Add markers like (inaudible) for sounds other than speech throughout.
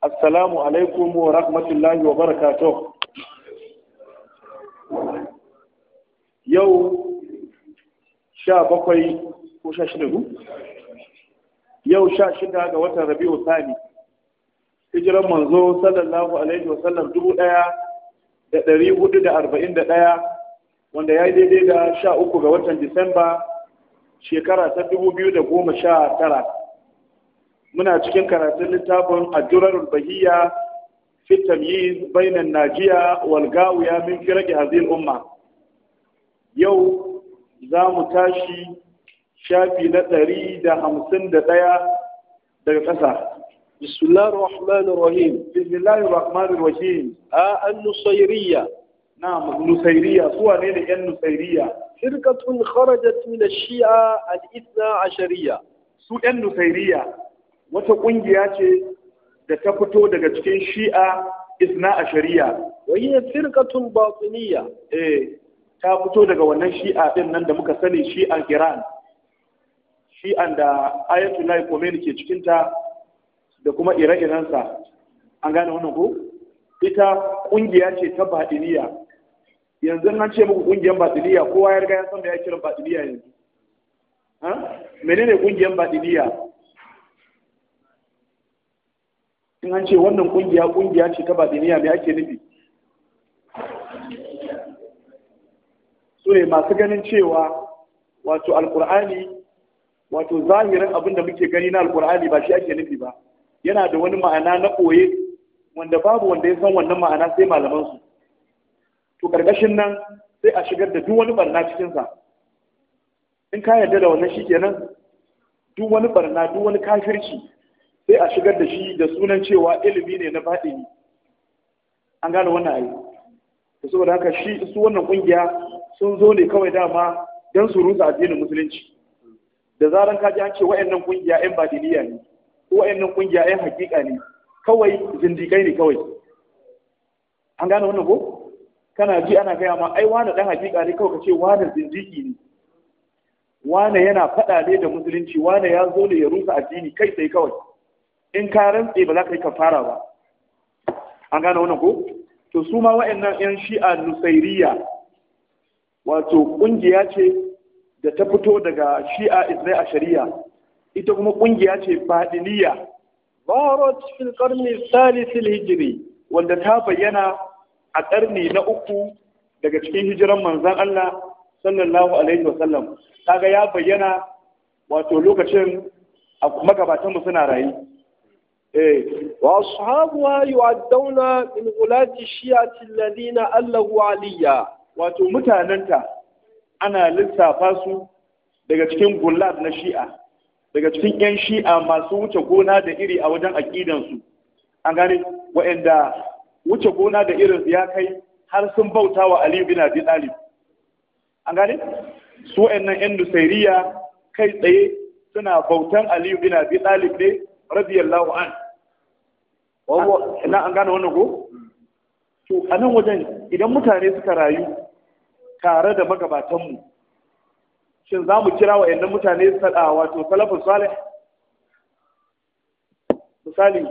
assalamu alaikum wa rahmatullahi wa barakatuh yau sha bakwai ko sha shida gu? yau sha shida ga watan rabi'u sani hijiran manzo sallallahu alaihi wa sallam dubu daya da dari hudu da arba'in da daya wanda ya yi daidai da sha uku ga watan disamba shekara ta dubu biyu da goma sha tara muna cikin karatun littafin addurarul bahiyya fi tamyiz bainan najiya wal gawiya min firqi hadhihi umma yau za mu tashi shafi na ɗari da hamsin da ɗaya daga ƙasa bismillahir rahmanir rahim bismillahir rahmanir rahim a an nusairiyya na'am nusairiyya su wane ne yan nusairiyya firqatun kharajat min ash-shi'a al-ithna shari'a. su yan nusairiya wata ƙungiya ce da ta fito daga cikin shi'a isna a shari'a Wani hiya firqatun batiniya eh ta fito daga wannan shi'a ɗin nan da muka sani shi'an Iran shi'an da Ayatollah Khomeini ke cikinta, da kuma ire-irensa an gane wannan ko ita kungiya ce ta batiniya yanzu nan ce muku kungiyar batiniya kowa ya riga ya san da ya kira batiniya yanzu ha menene ƙungiyar batiniya in an ce wannan kungiya kungiya ce ta badiniya mai ake nufi so masu ganin cewa wato alkur'ani wato zahirin abin da muke gani na alkur'ani ba shi ake nufi ba yana da wani ma'ana na koye wanda babu wanda ya san wannan ma'ana sai malamansu. su to karkashin nan sai a shigar da duk wani barna cikinsa. sa in ka yarda da wannan shikenan duk wani barna duk wani kafirci sai a shigar da shi da sunan cewa ilimi ne na ne. an gane wannan ayi da saboda haka shi su wannan kungiya sun zo ne kawai dama don su rusa addinin musulunci da zaran ka ji an ce wa'annan kungiya ƴan badiliya ne ko wa'annan kungiya ƴan hakika ne kawai zindikai ne kawai an gane wannan ko kana ji ana gaya ma ai wani dan hakika ne kawai ka ce wani zindiki ne wani yana faɗa ne da musulunci wani ya zo ne ya rusa addini kai sai kawai in ka rantse ba za ka yi kafara ba an gane wannan ko to su ma wa'annan yan shi'a nusairiya wato kungiya ce da ta fito daga shi'a israi a shari'a ita kuma kungiya ce fadiliya barot fil qarni salis al hijri wanda ta bayyana a karni na uku daga cikin hijiran manzon Allah sallallahu alaihi wa sallam kaga ya bayyana wato lokacin magabatan mu suna rayu واصحابها يعدون من غلاة الشيعة الذين ألغوا عليا wato mutanenta ana lissafa su daga cikin gullat na shi'a daga cikin 'yan shi'a masu wuce gona da iri a wajen aƙidansu an gane wa'anda wuce gona da irin ya kai har sun bauta wa aliyu bin abi talib an gane su wa'annan 'yan nusairiya kai tsaye suna bautan aliyu bin abi talib ne radiyallahu an wawo ina an gane wannan ko to a nan wajen idan mutane suka rayu tare da magabatanmu shin za mu kira wayannan mutane sada wato salafu salih misali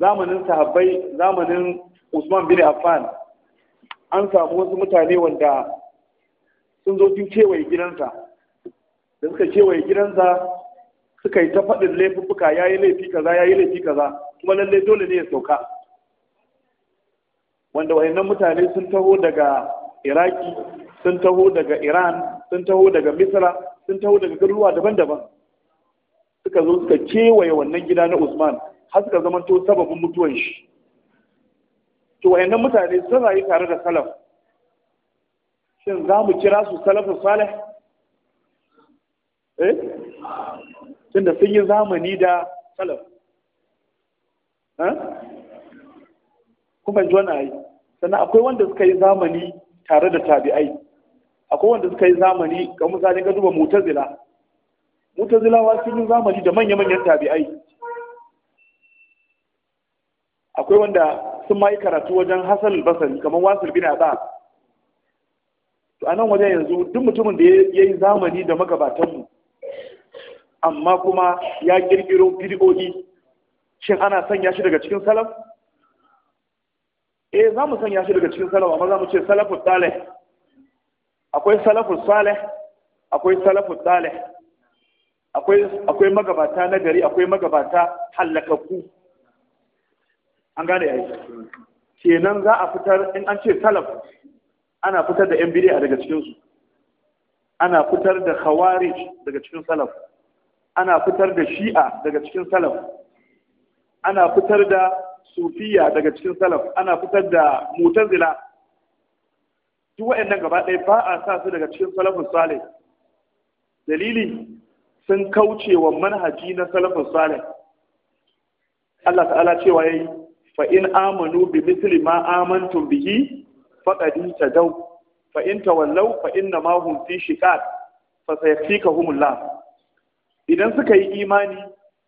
zamanin sahabbai zamanin usman bin affan an samu wasu mutane wanda sun zo sun kewaye gidansa da suka kewaye gidansa suka yi ta faɗin laifuffuka ya yi laifi kaza ya yi laifi kaza kuma lalle dole ne ya sauka wanda wayannan mutane sun taho daga iraki sun taho daga iran sun taho daga misra sun taho daga garuruwa daban-daban suka zo suka kewaye wannan gida na usman har suka zamanto sababin mutuwan shi to wayannan mutane sun rayu tare da salaf shin za mu kira su salafin salih eh tunda sun yi zamani da salaf kuma ji wani ayi sannan akwai wanda suka yi zamani tare da tabi'ai akwai wanda suka yi zamani ga misali ga duba mutazila mutazilawa sun yi zamani da manya-manyan tabi'ai akwai wanda sun ma yi karatu wajen hasan basari kamar wasu bin a to a nan wajen yanzu duk mutumin da ya yi zamani da magabatanmu amma kuma ya girgiro bidiyoyi shin ana sanya shi daga cikin salaf eh za mu sanya shi daga cikin salaf amma za mu ce salafus salih akwai salafus salih akwai salafus salih akwai akwai magabata na gari akwai magabata hallakakku an gane yayi kenan za a fitar in an ce salaf ana fitar da yan bid'a daga cikin su ana fitar da khawarij daga cikin salaf ana fitar da shi'a daga cikin salaf ana fitar da sufiya daga cikin salaf ana fitar da mutazila duk waɗannan gaba ɗaya ba a sa su daga cikin salafin salih dalili sun kauce wa manhaji na salafin salih Allah ta'ala cewa yayi fa in amanu bi misli ma amantum bihi faqad tadaw fa in tawallaw fa inna ma hum fi shiqaq fa sayfikahumullah idan suka yi imani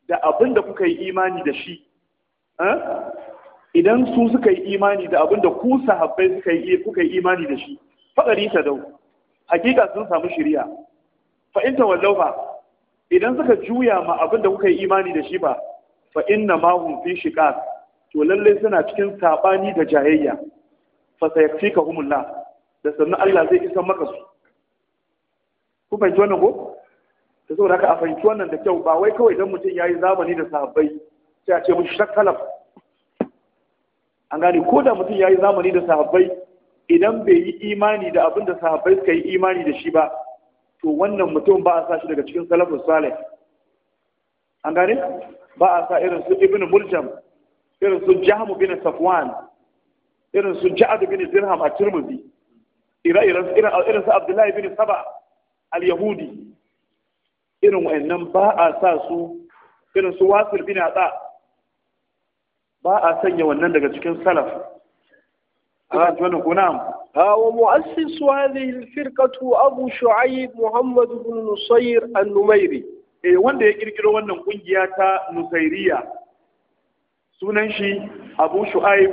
da abin da kuka yi imani da shi eh? idan su suka yi imani da abin da ku sahabbai suka yi kuka yi imani da shi faɗari ta dau hakika sun samu shirya fa in ba. idan suka juya ma abin da kuka yi imani da shi ba fa inna ma hum fi shiqaq to lalle suna cikin sabani da jayayya fa sayakfikahumullah da sannan Allah zai isa maka su ku fahimci wannan ko da saboda haka a fahimci wannan da kyau ba wai kawai don mutum ya yi zamani da sahabbai sai a ce mushi shakkalaf an gane ko da mutum ya yi zamani da sahabbai idan bai yi imani da abin da sahabbai suka yi imani da shi ba to wannan mutum ba a sa shi daga cikin salafin salih an gane ba a sa irin su ibn muljam irin su jahmu bin safwan irin su ja'ad bin dirham a tirmidhi ira irin su abdullahi bin saba al-yahudi irin wa'annan ba a sa su irin su wasil bin ba a sanya wannan daga cikin salaf a ji wannan kuna هذه الفرقة أبو شعيب محمد بن نصير النميري eh wanda ya ƙirƙiro wannan kungiya ta nusairiya sunan shi abu shu'aib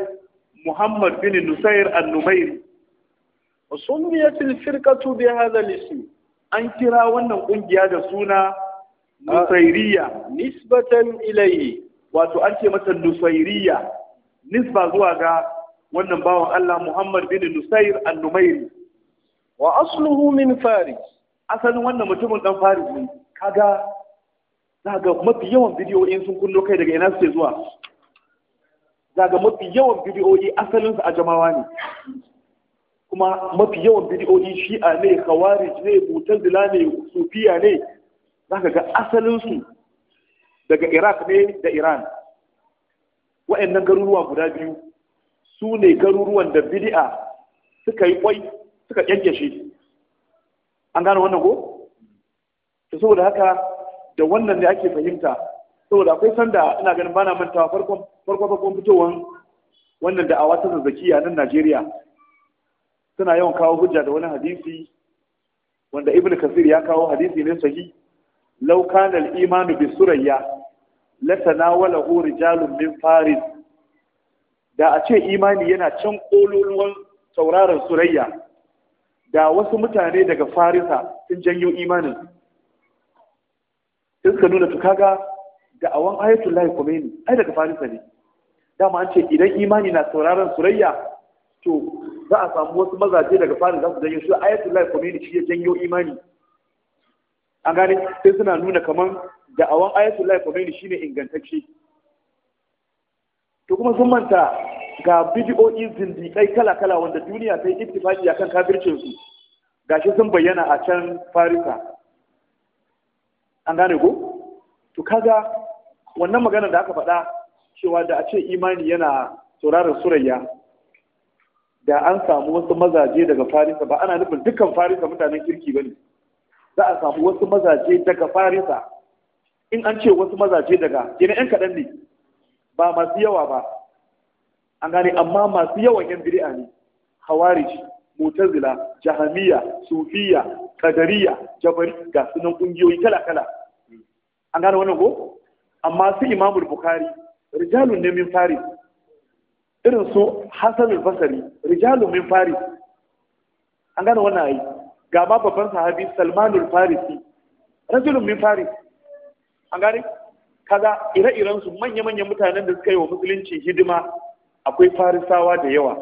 muhammad bin nusair al-numairi wa sumiyat an kira wannan kungiya da suna ah. nusairiya nisbatan ilayi. wato an ce mata nusairiya nisba zuwa ga wannan bawan Allah Muhammad bin Nusair al-Numairi wa asluhu min Faris asalin wannan mutumin dan Faris ne kaga zaga mafi yawan bidiyoyin sun kullo kai daga ina suke zuwa zaga mafi yawan bidiyoyi asalin su a jamawa ne kuma mafi yawan bidiyoyi shi'a ne khawarij ne dila ne sufiya ne zaka ga asalinsu daga iraq ne da iran wa'annan garuruwa guda biyu su ne garuruwan da bidi'a suka yi kwai suka shi. an gane wannan ko to saboda haka da wannan ne ake fahimta saboda akwai sanda ina ganin bana mantawa farkon farkon fitowar wannan da'awa ta zazzakiya nan Najeriya suna yawan kawo hujja da wani hadisi wanda ibn kasir ya kawo hadisi ne sahi law kana al-imanu bi surayya la hu rijalun min faris da a ce imani yana can kololuwan sauraron surayya da wasu mutane daga farisa sun janyo imanin sai ka nuna tukaga da awan ayatul lahi kumeni ai daga farisa ne dama an ce idan imani na sauraron surayya to za a samu wasu mazaje daga fari za su janyo su ayatullahi khomeini shi ya janyo imani an gane sai suna nuna kaman da'awan ayatullahi khomeini shine ingantacce to kuma sun manta ga bidiyoyi zindiƙai kala-kala wanda duniya ta yi ittifaki akan kafircin su gashi sun bayyana a can farisa an gane ko to kaga wannan magana da aka faɗa cewa da a ce imani yana sauraron surayya da an samu wasu mazaje daga farisa ba ana nufin dukkan farisa mutanen kirki ba ne za a samu wasu mazaje daga farisa in an ce wasu mazaje daga gina yan kaɗan ne ba masu yawa ba an gane amma masu yawan yan biri'a ne hawarij mutazila jahamiya sufiya kadariya jabari ga sunan ƙungiyoyi kala kala an gane wannan ko amma su imamul bukhari rijalun ne min faris irin su Hassan al-Basri rijalu min Faris an gane wannan ayi ga ma babban sahabi Salman al-Farisi rajulun min Faris an gane kaga ire-iren su manya-manyan mutanen da suka yi wa musulunci hidima akwai Farisawa da yawa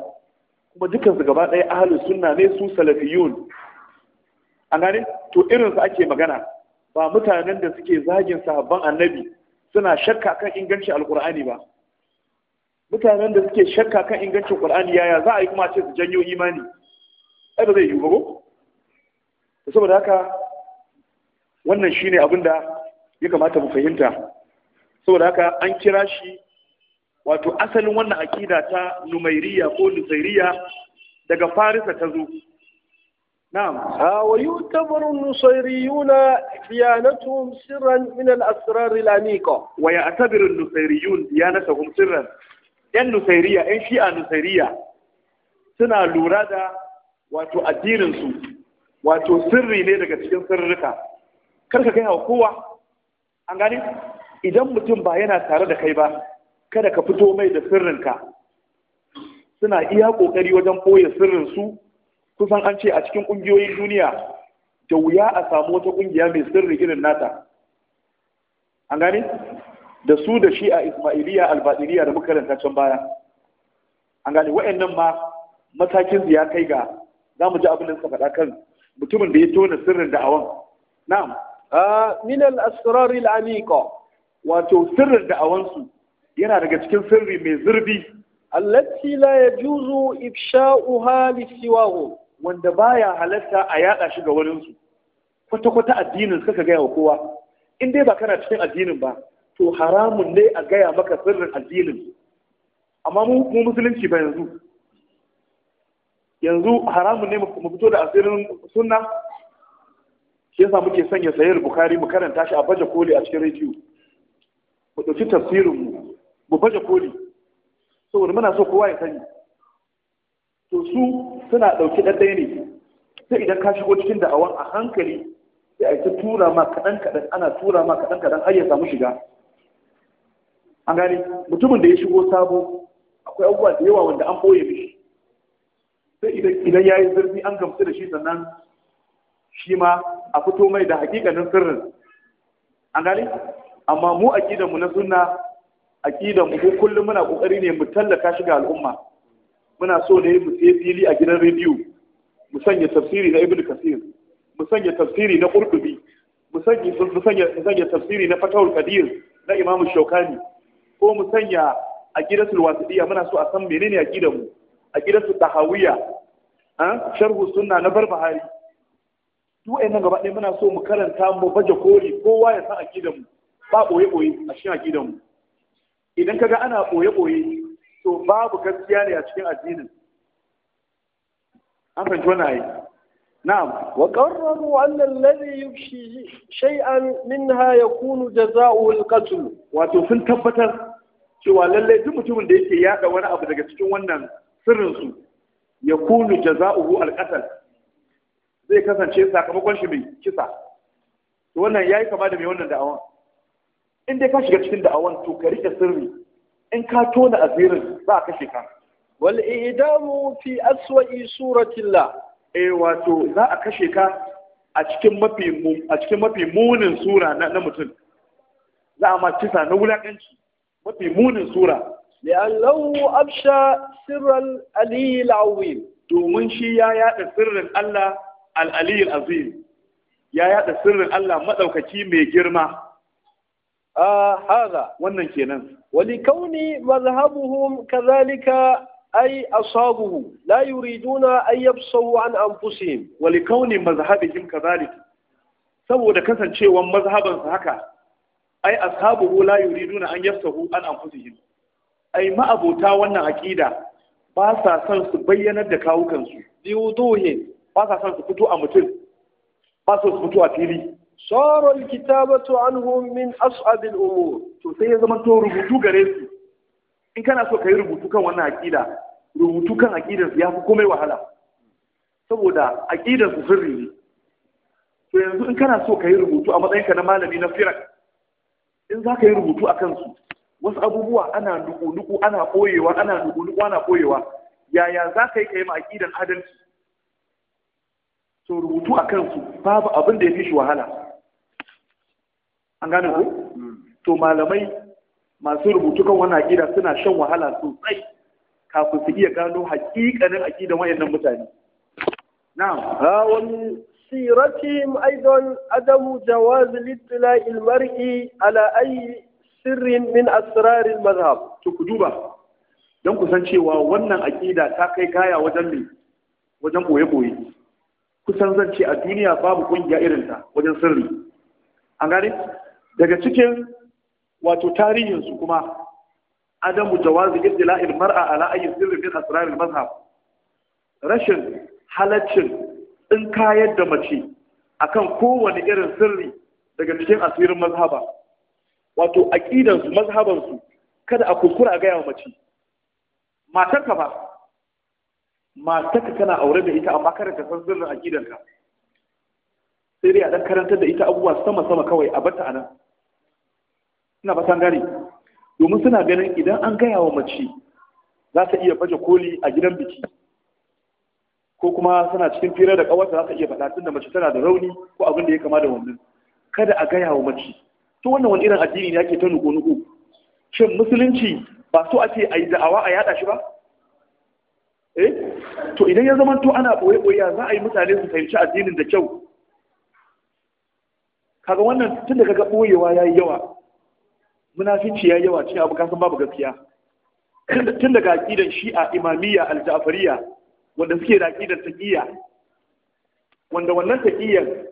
kuma dukkan su gaba ɗaya ahlus sunna ne su salafiyun an gane to irin su ake magana ba mutanen da suke zagin sahabban annabi suna shakka kan inganci alkur'ani ba mutanen da suke shakka kan ingancin qur'ani yaya za a yi kuma ce su janyo imani ai ba zai yi ba ko saboda haka wannan shine abin da ya kamata mu fahimta saboda haka an kira shi wato asalin wannan akida ta numairiya ko nusairiya daga farisa ta zo نعم ويعتبر النصيريون ديانتهم سرا من الأسرار الأنيقة ويعتبر النصيريون ديانتهم سرا 'yan nusairiya 'yan shi'a nusairiya suna lura da wato addininsu wato sirri ne daga cikin sirrika kar kai wa kowa an gani idan mutum ba yana tare da kai ba kada ka fito mai da sirrinka suna iya kokari wajen ɓoye sirrinsu kusan an ce a cikin ƙungiyoyin duniya da wuya a samu wata ƙungiya mai sirri irin nata an gani da su da shi a ismailiya albadiriya da makaranta can baya an gane wa'annan ma matakin su ya kai ga za mu ji abin da suka faɗa kan mutumin da ya tona sirrin da'awan na'am min al-asrar al wato sirrin da'awan su yana daga cikin sirri mai zurbi allati la yajuzu ifsha'uha siwahu wanda baya halatta a yada shi ga wurin su kwata-kwata addinin suka gaya wa kowa in dai ba kana cikin addinin ba to haramun ne a gaya maka sirrin addinin amma mu musulunci ba yanzu yanzu haramun ne mu fito da asirin sunna shi yasa muke sanya sayar bukari mu karanta shi a baje koli a cikin rediyo mu ɗauki tafsirin mu mu baje koli saboda muna so kowa ya sani to su suna ɗauki ɗaɗɗaya ne sai idan ka shigo cikin da'awan a hankali sai a ta tura ma kaɗan kaɗan ana tura ma kaɗan kaɗan har ya samu shiga an gane mutumin da ya shigo sabo akwai abubuwa da yawa wanda an boye mishi sai idan ya yi zurfi an gamsu da shi sannan shi ma a fito mai da hakikanin sirrin an gane amma mu aqidanmu na sunna aqidanmu mu kullum muna ƙoƙari ne mu tallaka shi ga al'umma muna so ne mu sai fili a gidan rediyo mu sanya tafsiri na ibnu kasir mu sanya tafsiri na qurtubi mu sanya tafsiri na fatawul kadir na imamu shaukani ko mu sanya a aqidatul wasiliya muna so a san menene gidan mu A tahawiyya an sharhu sunna na barbahari duk wayannan gaba ɗaya muna so mu karanta mu baje koli kowa ya san a gidan mu ba ɓoye-ɓoye a cikin gidan mu idan kaga ana ɓoye-ɓoye to babu gaskiya ne a cikin addinin an fahimci wani ayi نعم وقرروا أن الذي يبشي شيئا منها يكون جزاؤه القتل وتوفن تبتا cewa lallai duk mutumin da ديك يا wani abu daga cikin wannan يكون ya القتل zai kasance sakamakon shi mai kisa to wannan yayi kama da mai wannan da'awan in ka shiga cikin da'awan to ka rike sirri in ka tona asirin za a kashe ka wal i'damu fi aswa'i suratillah eh wato za a kashe ka a cikin mafi munin sura na mutum za a ma kisa na wulaƙanci mafi munin sura لأنه أبشى سر العلي العظيم domin shi ya yada sirrin Allah al-aliyyul azim ya yada sirrin Allah madaukaki mai girma A ah, hada wannan kenan wali kauni mazhabuhum kadhalika أي أصابه لا يريدون أن يبصوا عن أنفسهم ولكون مذهبهم كذلك سبو دكسن شيء ومذهبا هكا أي أصحابه لا يريدون أن يبصوا عن أنفسهم أي ما أبوتا وانا أكيدا باسا سن سبينا دكاو كنسو ليوضوهن باسا سن سفتو أمتل باسا سفتو أتيلي صار الكتابة عنهم من أصعب الأمور تسيزمان تورو ربطو غريسي in kana so ka yi rubutu kan wannan aƙida rubutu kan aƙidarsu ya fi komai wahala saboda aƙidarsu sirri ne to yanzu in kana so ka yi rubutu a matsayinka na malami na firak in za ka yi rubutu a kansu wasu abubuwa ana nuku-nuku ana koyewa ana nuku-nuku ana koyewa yaya za ka yi ka yi ma aƙidan adalci to rubutu a kansu babu abin da ya fi shi wahala an gane ko hmm. to malamai masu rubutu kan wannan aƙida suna shan wahala sosai kafin su iya gano haƙiƙanin aƙidan wayannan mutane na'am ha wani siratihim aidan adamu jawaz littila ilmar'i ala ayi sirrin min asirarin mazhab to ku duba don ku san cewa wannan aƙida ta kai kaya wajen mai wajen ɓoye-ɓoye. kusan zan ce a duniya babu ƙungiya irin ta wajen sirri an gane daga cikin wato tarihin su kuma adamu jawazi ibtila'il mar'a ala ayyi sirri min asraril mazhab rashin halaccin in kayar da mace akan kowane irin sirri daga cikin asirin mazhaba wato aqidan su mazhaban su kada a kuskura ga yawa mace matarka ba matarka kana aure da ita amma kada ka san sirrin ka sai dai a dan karantar da ita abubuwa sama sama kawai a bata anan Suna ba gane domin suna ganin idan an gaya wa mace za ta iya baje koli a gidan biki ko kuma suna cikin firar da kawarta za ta iya faɗa tun da mace tana da rauni ko abin da ya kama da wannan kada a gaya wa mace to wannan wani irin addini ne yake ta nuku-nuku shin musulunci ba so ake a yi da'awa a yada shi ba eh to idan ya zama to ana boye ɓoye za a yi mutane su fahimci addinin da kyau kaga wannan tun da kaga boyewa yayi yawa munafici ya yawa cikin abu kasan babu gaskiya (clears throat) tun daga akidan shi'a imamiyya al-ja'fariyya wanda suke da akidan taqiyya wanda wannan taqiyyan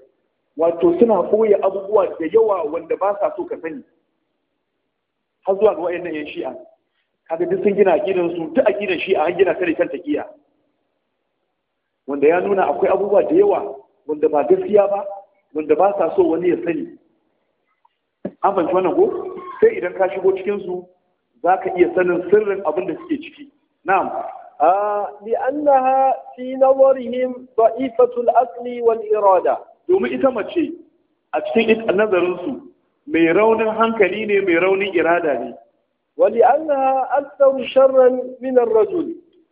wato suna koya abubuwa da yawa wanda ba sa so ka sani har zuwa ga wayannan yan shi'a kaga duk sun gina aqidan su ta aqidan shi'a an gina ta kan taqiyya wanda ya nuna akwai abubuwa da yawa wanda ba gaskiya ba wanda ba sa so wani ya sani an fahimci wannan ko sai idan ka shigo cikin su zaka iya sanin sirrin abin da suke ciki na'am a li annaha fi nawarihim da'ifatul asli wal irada domin ita mace a cikin nazarin su mai raunin hankali ne mai raunin irada ne wali aktsaru sharran min ar-rajul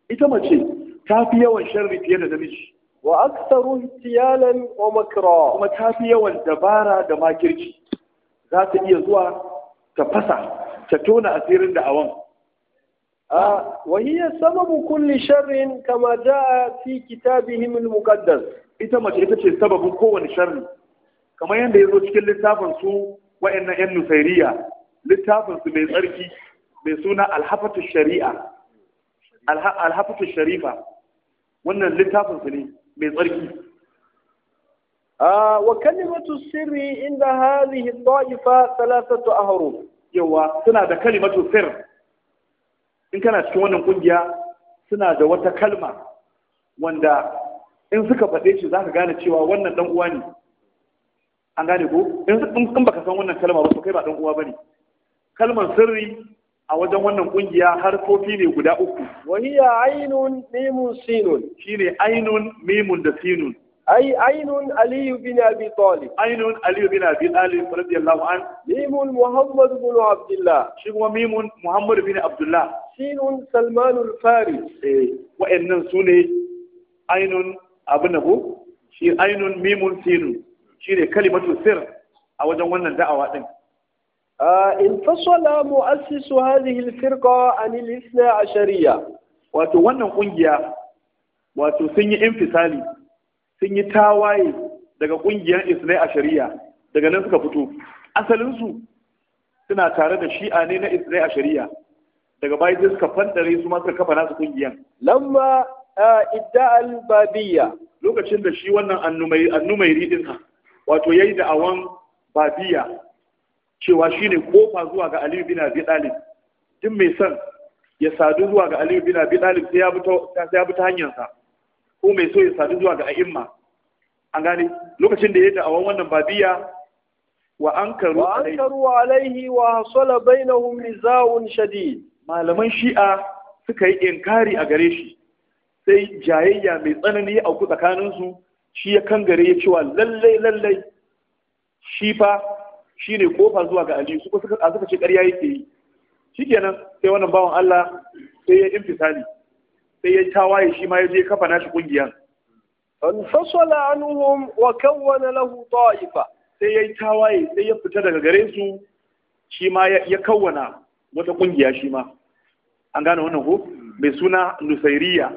ita mace ta fi yawan sharri fiye da namiji wa aktsaru ihtiyalan wa makra kuma ta fi yawan dabara da makirci za ta iya zuwa ta fasa ta tona asirin da da'awan وهي sharrin kama شر a fi kitabi himin mukaddas ita mace ita ce sababin kowane sharri kamar yadda ya zo cikin littafin su wa'annan yan nusairiya littafin su mai tsarki mai suna alhafatu shari'a alhafatu sharifa wannan littafin su ne mai tsarki wa kalimatu sirri inda hadhihi ta'ifa thalathatu ahruf yawa suna da kalimatu sirr in kana cikin wannan kungiya suna da wata kalma wanda in suka faɗe shi zaka gane cewa wannan dan uwa ne an gane ko in baka san wannan kalma ba to kai ba dan uwa bane kalmar sirri a wajen wannan kungiya kofi ne guda uku wahiya ainun mimun sinun shine ainun mimun da sinun أي عين علي بن أبي طالب عين علي بن أبي طالب رضي الله عنه ميم محمد بن عبد الله شنو ميم محمد بن عبد الله سين سلمان الفارس إيه وإن سوني عين أبنه شي عين ميم سين شي كلمة سر أو جوانا دعوة دين انفصل مؤسس هذه الفرقة عن الاثنى عشرية وتوانا قنجيا وتسني انفصالي sun yi tawaye daga ƙungiyar isnai a shari'a daga nan suka fito asalinsu suna tare da shi'a ne na isnai a shari'a daga baya sai suka fantare su ma suka kafa nasu ƙungiyar lamma idda al-babiyya lokacin da shi wannan annumairi din wato yayi da awan babiya cewa shine kofa zuwa ga Aliyu bin Abi Talib duk mai son ya sadu zuwa ga Aliyu bin Abi Talib sai ya bi ta hanyarsa. ko mai so ya sadu zuwa ga a'imma an gane lokacin da ya da'awan wannan babiya wa an karu alaihi wa hasala bainahum nizaun shadid malaman shi'a suka yi inkari a gare shi sai jayayya mai tsanani ya ku tsakanin su shi ya kangare ya cewa lallai lallai shi fa shine kofa zuwa ga aliyu su suka suka ce ƙarya yake yi shikenan sai wannan bawan Allah sai ya infisali sai ya tawaye shi ma ya je kafa nashi kungiyan fasala anhum wa kawwana lahu ta'ifa sai ya tawaye sai ya fita daga gare su shi ma ya kawwana wata kungiya shi ma an gane wannan ko mai suna nusairiya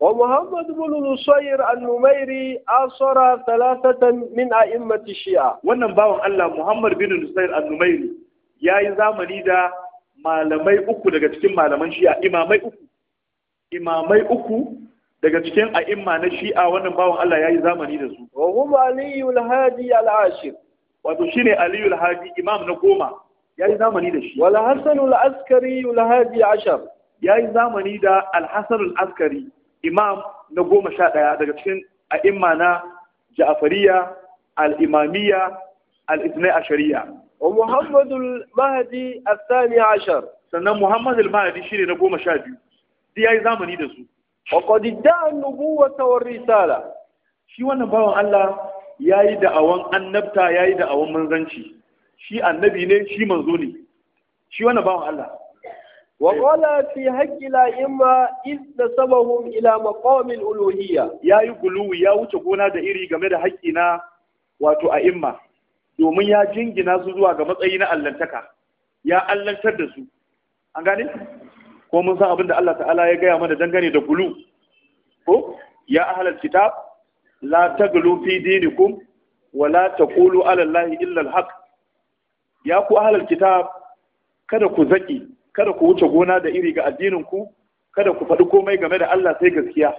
wa muhammad ibn nusair al-numairi asara thalathatan min a'immati shi'a wannan bawan Allah muhammad bin nusair al-numairi yayi zamani da malamai uku daga cikin malaman shi'a imamai uku imamai uku daga cikin a'imma na shi'a wannan bawan Allah ya yi zamani da su. Wa huma Aliyu al-Hadi al-Ashir. Wato shine Aliyu al-Hadi imam na goma ya yi zamani da shi. Wal Hasan al-Askari al-Hadi ashar. Ya yi zamani da Al-Hasan al-Askari imam na goma sha ɗaya daga cikin a'imma na Ja'afariya, al-Imamiyya, al-Ithnai Ashariya. Wa Muhammadu mahdi al-Thani ashar. Sannan Muhammadu Mahdi shi ne na goma sha biyu. ya yi zamani da su wa qad da'a nubuwata war risala shi wannan bawan Allah Ya yi da'awan annabta ya yi da'awan manzanci shi annabi ne shi manzo ne shi wannan bawan Allah Wakwala qala fi la'imma is imma sabahun ila maƙomin al Ya yi guluwi ya wuce gona da iri game da haƙƙi na wato a imma domin ya jingina su zuwa ga matsayi na allantaka ya allantar da su an gane ko mun san abin da Allah ta'ala ya gaya mana dangane da gulu ko ya ahlal kitab la taglu fi dinikum wa la taqulu ala allahi illa alhaq ya ku ahlal kitab kada ku zaki kada ku wuce gona da iri ga addinin ku kada ku faɗi komai game da Allah sai gaskiya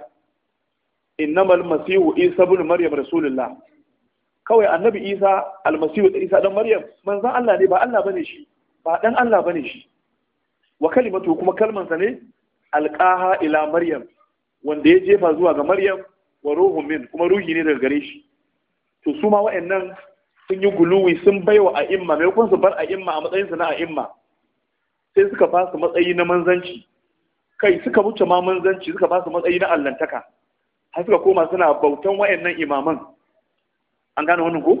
innamal masihu isa ibn maryam rasulullah kawai annabi isa almasihu isa dan maryam manzon Allah ne ba Allah bane shi ba dan Allah bane shi wa kalimatu kuma kalmansa ne alqaha ila maryam wanda ya jefa zuwa ga maryam wa ruhun min kuma ruhi ne daga gare shi to su ma wa'annan sun yi guluwi sun baiwa a imma maimakon su bar a imma a matsayin na a imma sai suka ba su matsayi na manzanci kai suka wuce ma manzanci suka ba su matsayi na allantaka har suka koma suna bautan wa'annan imaman an gane wannan ko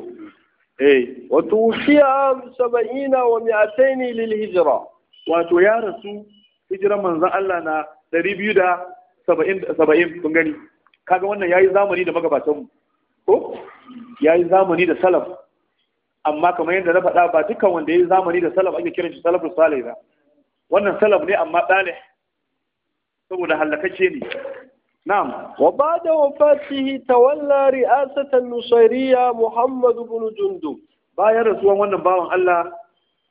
eh wa shi'a 70 wa 200 lil hijra wato ya rasu hijiran manzan Allah na ɗari biyu da saba'in kun gani kaga wannan ya yi zamani da magabatanmu ko ya yi zamani da salaf amma kamar yadda na faɗa ba dukkan wanda ya yi zamani da salaf ake kiran shi salafus salih ba wannan salaf ne amma ɗalih saboda halakacce ne نعم وبعد وفاته تولى رئاسة النصيرية محمد بن جندب باير رسول wannan bawan Allah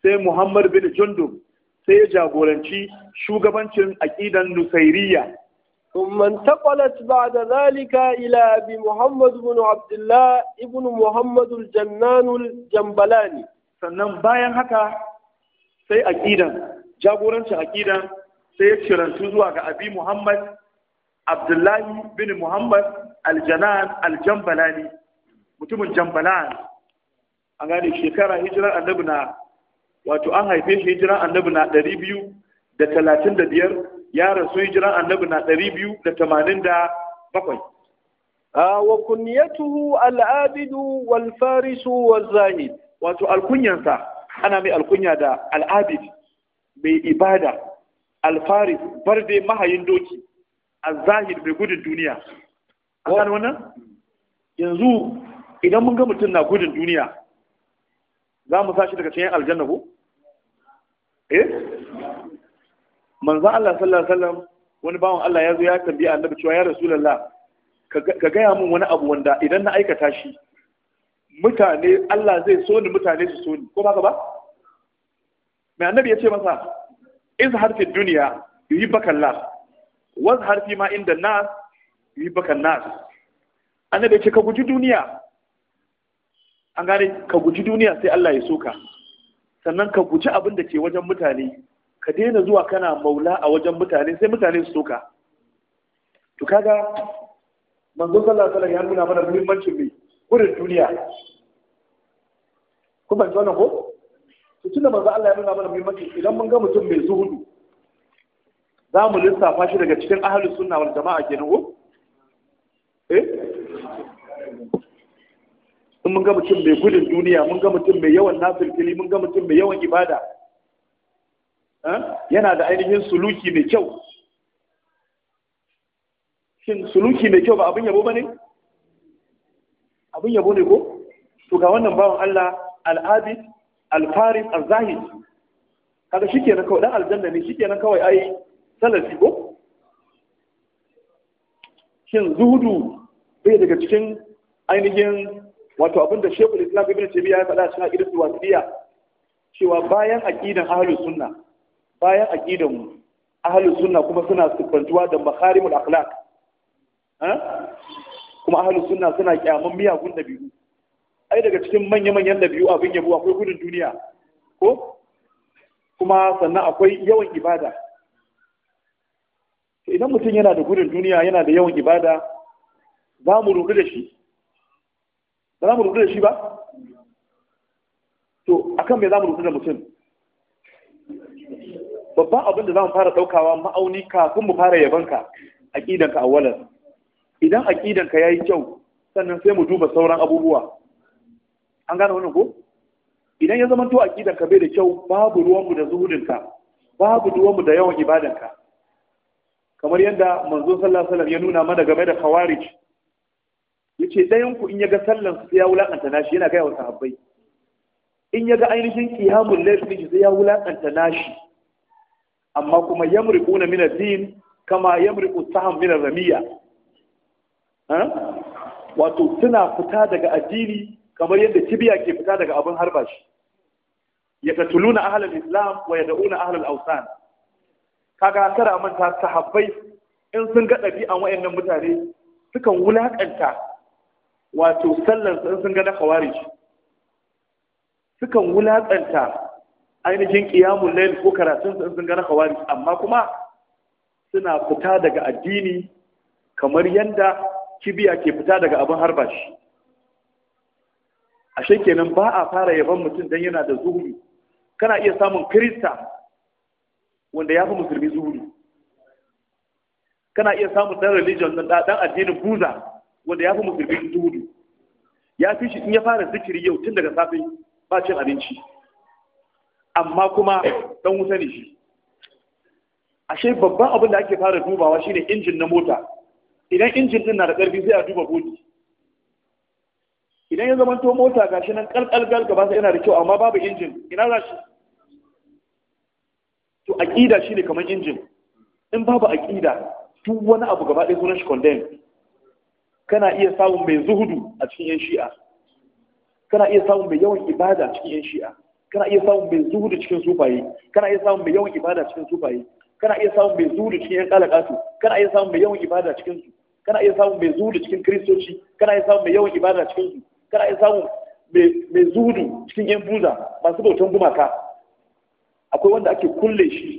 sai Muhammad bin Jundub sai ya jagoranci shugabancin aqidan nusairiyya ثم انتقلت بعد ذلك إلى أبي محمد بن عبد الله ابن محمد الجنان الجنبلاني sannan bayan haka sai aqidan jagorancin aqidan sai ya cirantu zuwa ga abi muhammad abdullahi bin muhammad aljanan aljambalani mutumin jambalan an gane shekara hijirar annabi na wato an haife shi hijira annabi na ɗari biyu da talatin da biyar ya rasu hijira annabi na ɗari biyu da tamanin da bakwai. wa kunyatuhu al'abidu wal farisu wal zahid wato alkunyansa ana mai alkunya da al'abid mai ibada alfaris barde mahayin doki al-zahid mai gudun duniya an wani wannan yanzu idan mun ga mutum na gudun duniya za mu sashi daga cikin aljanna ko Eh? manzo Allah sallallahu alaihi wasallam wani bawan Allah ya zo ya tambaye annabi cewa ya rasulullah ka gaya min wani abu wanda idan na aikata shi mutane Allah zai so ni mutane su so ni ko ba ka ba mai annabi ya ce masa izhar fi duniya baka Allah waz harfi ma inda nas baka nas annabi ya ce ka guji duniya an gane ka guji duniya sai Allah ya so ka sannan ka guji abin da ke wajen mutane ka daina zuwa kana maula a wajen mutane sai mutane su soka to kaga manzo sallallahu alaihi wasallam ya nuna mana muhimmancin mai gurin duniya ku ban wannan ko to tunda manzo Allah ya nuna mana muhimmancin idan mun ga mutum mai zuhudu za mu lissafa shi daga cikin ahlus sunna wal jama'a kenan ko eh in mun ga mutum mai gudun duniya mun ga mutum mai yawan nafilfili mun ga mutum mai yawan ibada eh, yana da ainihin suluki mai kyau shin suluki mai kyau ba abin yabo ba ne abin yabo ne ko to ga wannan bawan Allah al-abid al-farid shi kenan kawai dan aljanna ne kenan kawai ai salafi ko shin zuhudu bai daga cikin ainihin wato abinda shekul islam ibn taymiya ya faɗa cikin aqidatul wasiya cewa bayan aqidan ahlus sunna bayan aqidan mu ahlus sunna kuma suna sifantuwa da makarimul akhlaq kuma ahlus sunna suna kyaman miyagun dabi'u ai daga cikin manya-manyan dabi'u abin yabo akwai gudun duniya ko kuma sannan akwai yawan ibada idan mutum yana da gudun duniya yana da yawan ibada za mu rubu da shi ba za mu rudu da shi ba to akan me za mu rudu da mutum babban abin da za mu fara ɗaukawa ma'auni kafin mu fara yabanka aƙidanka a walar idan aƙidanka ya yi kyau sannan sai mu duba sauran abubuwa an gane wannan ko idan ya zama to aƙidanka bai da kyau babu ruwanmu da zuhudinka babu ruwanmu da yawan ibadanka kamar yadda manzo sallallahu alaihi wasallam ya nuna mana game da khawarij yace ɗayan ku in ya ga sallan sai ya wulakanta nashi yana gaya wa sahabbai in ya ga ainihin qiyamul layl din sai ya wulakanta nashi amma kuma yamriquna min ad-din kama yamriqu saham min ar-ramiya wato suna fita daga addini kamar yadda kibiya ke fita daga abin harba shi yatatuluna ahlal islam wa yad'una ahlal awsan kaga kada manta sahabbai in sun ga ɗabi'an wayannan mutane sukan wulakanta wato sallar sun ga na khawarij sukan wulatsanta ainihin ƙiyamun lail ko karatun sun sun gada khawarij amma kuma suna fita daga addini kamar yadda kibiya ke fita daga abin harba shi ashe kenan ba a fara yaban mutum dan yana da zuhuri kana iya samun kirista wanda ya fi musulmi zuhuri kana iya samun ɗan religion ɗan addinin buza wanda ya fi musulmi dubu ya fi shi in ya fara zikiri yau tun daga safe ba cin abinci amma kuma dan wuta ne shi ashe babban abin da ake fara dubawa shine injin na mota idan injin din na da karfi sai a duba bodi idan ya zama to mota gashi nan kalkalgal gaba sai yana da kyau amma babu injin ina za shi to aqida shine kamar injin in babu aqida duk wani abu gaba ɗaya sunan shi condemn kana iya samun mai zuhudu a cikin yan shi'a kana iya samun mai yawan ibada cikin yan shi'a kana iya samun mai zuhudu cikin sufaye kana iya samun mai yawan ibada cikin sufaye kana iya samun mai zuhudu cikin yan kalakatu kana iya samun mai yawan ibada cikin su kana iya samun mai zuhudu cikin kristoci kana iya samun mai yawan ibada cikin su kana iya samun mai zuhudu cikin yan buza masu bautan gumaka akwai wanda ake kulle shi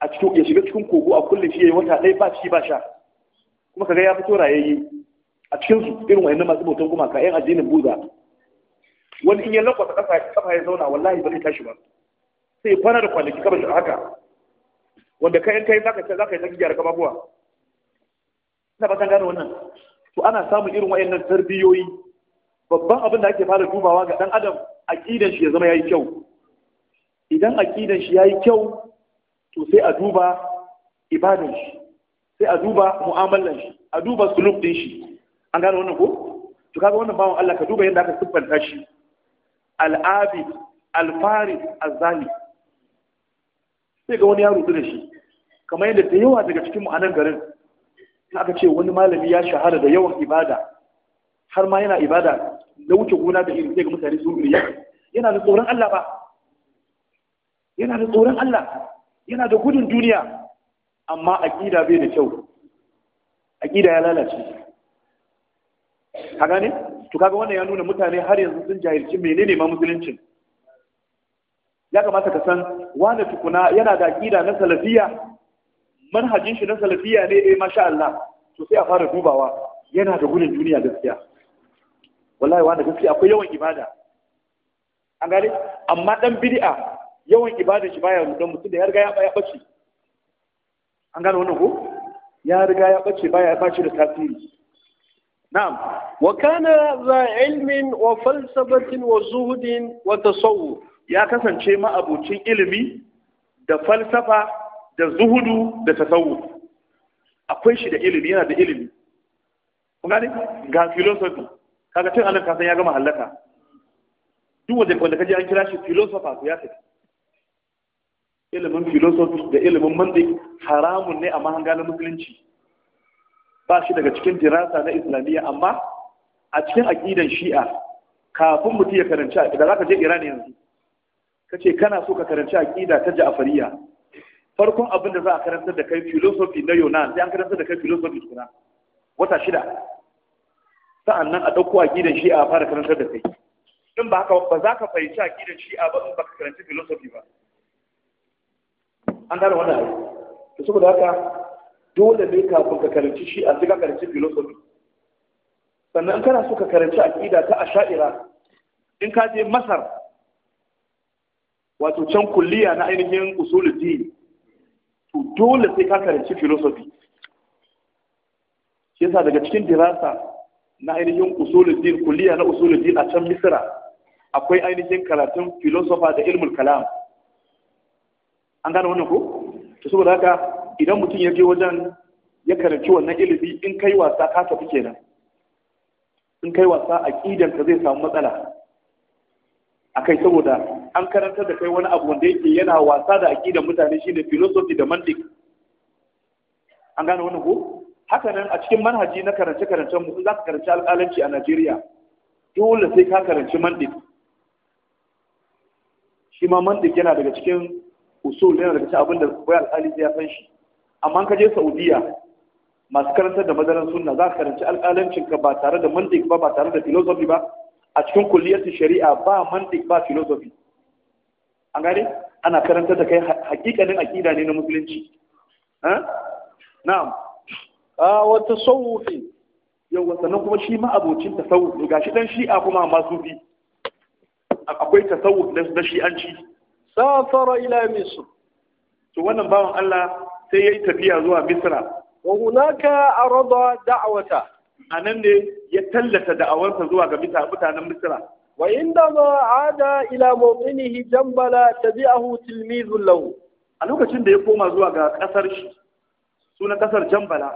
a cikin ya shiga cikin kogo a kulle shi ya yi wata ɗaya ba ci ba sha kuma kaga ya fito rayayye a cikin su irin wayannan masu bautan gumaka yan addinin buza wani in ya lakwata kasa kafa ya zauna wallahi ba zai tashi ba sai kwana da kwanaki kamar shi haka wanda kayan kai zaka ce zaka yi zaki gyara buwa ina ba san gane wannan to ana samun irin wayannan tarbiyoyi babban abin da ake fara dubawa ga dan adam aqidan shi ya zama yayi kyau idan aqidan shi yayi kyau to sai a duba ibadan shi sai a duba mu'amalan shi a duba suluk din shi an gane wannan ko to kaga wannan bawan Allah ka duba yadda aka siffanta shi al abi al fari az-zali sai ga wani yaro da shi kamar yadda ta yawa daga cikin mu a nan garin aka ce wani malami ya shahara da yawan ibada har ma yana ibada da wuce gona da iri sai ga mutane sun riya yana da tsoron Allah ba yana da tsoron Allah yana da gudun duniya amma aqida bai da kyau aqida ya lalace ka gane to kaga wannan ya nuna mutane har yanzu sun jahilci menene ma musuluncin ya kamata ka san wani tukuna yana da aqida na salafiya manhajin shi na salafiya ne eh masha Allah to sai a fara dubawa yana da gudun duniya gaskiya wallahi wani gaskiya akwai yawan ibada an gane amma dan bid'a yawan ibada shi baya rudan mutum da ya riga ya bace an gane wannan ko ya riga ya bace baya bace da tasiri Na'am. وكان ذا علم وفلسفة وزهد وتصوف يا كسن شيما أبو تشين علمي da falsafa da zuhudu da tasawuf akwai shi da ilimi yana da ilimi kuma ne ga philosophy kaga tun annabi kasan ya gama halaka duk wanda wanda kaje an kira shi philosopher ya tafi ilimin philosophy da ilimin mandi haramun ne a mahangalin musulunci ba shi daga cikin dirasa na islamiyya amma a cikin aqidan shi'a kafin mutum ya karanci aqida zaka je Iran yanzu kace kana so ka karanci aqida ta Ja'fariya farkon abin da za a karantar da kai philosophy na Yunan sai an karantar da kai philosophy kuma wata shida sa'annan a dauko aqidan shi'a a fara karantar da kai in ba haka ba za ka fahimci aqidan shi'a ba in baka karanci philosophy ba an gane wannan abu saboda haka dole ne kafin ka karanci shi a ka karanci filosofi sannan kana so ka karanci aƙida ta asha'ira in ka je masar wato can kulliya na ainihin usuluddin to dole sai ka karanci filosofi shi yasa daga cikin dirasa na ainihin usuluddin kulliya na usuluddin a can misira akwai ainihin karatun filosofa da ilmul kalam an gane wannan ko to saboda haka idan mutum ya je wajen ya karanci wannan ilimi in kai wasa ka tafi kenan in kai wasa kidan ka zai samu matsala A kai saboda an karantar da kai wani abu wanda yake yana wasa da aqidan mutane shine philosophy da mantiq an gane wannan ko haka nan a cikin manhaji na karance karancen mu za ka karanci alƙalanci a Najeriya dole sai ka karanci mantiq shi ma mantiq yana daga cikin usul yana daga cikin abin da koyar alƙali ya san shi amma ka je saudiya masu karantar da madaran sunna za ka karanci alƙalancin ka ba tare da mandik ba ba tare da philosophy ba a cikin kulliyatin shari'a ba mandik ba philosophy an gane ana karantar da kai hakikanin aƙida ne na musulunci na'am a wata sauwufin yau sannan kuma shi ma'abocin ta tasawuf ne gashi dan shi'a kuma masu bi akwai tasawuf na shi'anci safara ila misr to wannan bawan Allah sai ya yi tafiya zuwa misra wa hunaka arada da'wata anan ne ya tallata da'awarsa zuwa ga mutanen misra wa inda ma ada ila mawqinihi jambala tabi'ahu tilmizun lahu a lokacin da ya koma zuwa ga kasar shi sunan kasar jambala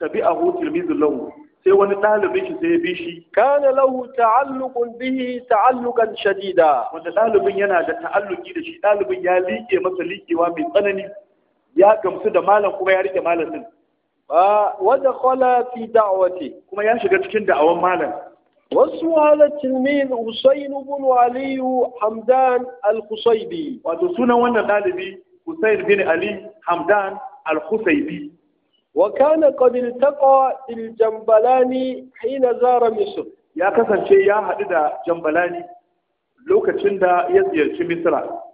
tabi'ahu tilmizun lahu sai wani ɗalibin shi sai ya bi shi kana lahu ta'alluqun bihi ta'alluqan shadida wanda ɗalibin yana da ta'alluki da shi ɗalibin ya liƙe masa liƙewa mai tsanani ya gamsu da malam kuma ya rike malam din wadda kwala fi da'awati kuma ya shiga cikin da'awan malam wasu wala tilmin husain ibn aliyu hamdan al-husaybi wato sunan wannan dalibi husain bin ali hamdan al-husaybi wa kana qad iltaqa bil jambalani hina zara misr ya kasance ya haɗu da jambalani lokacin da ya ziyarci misra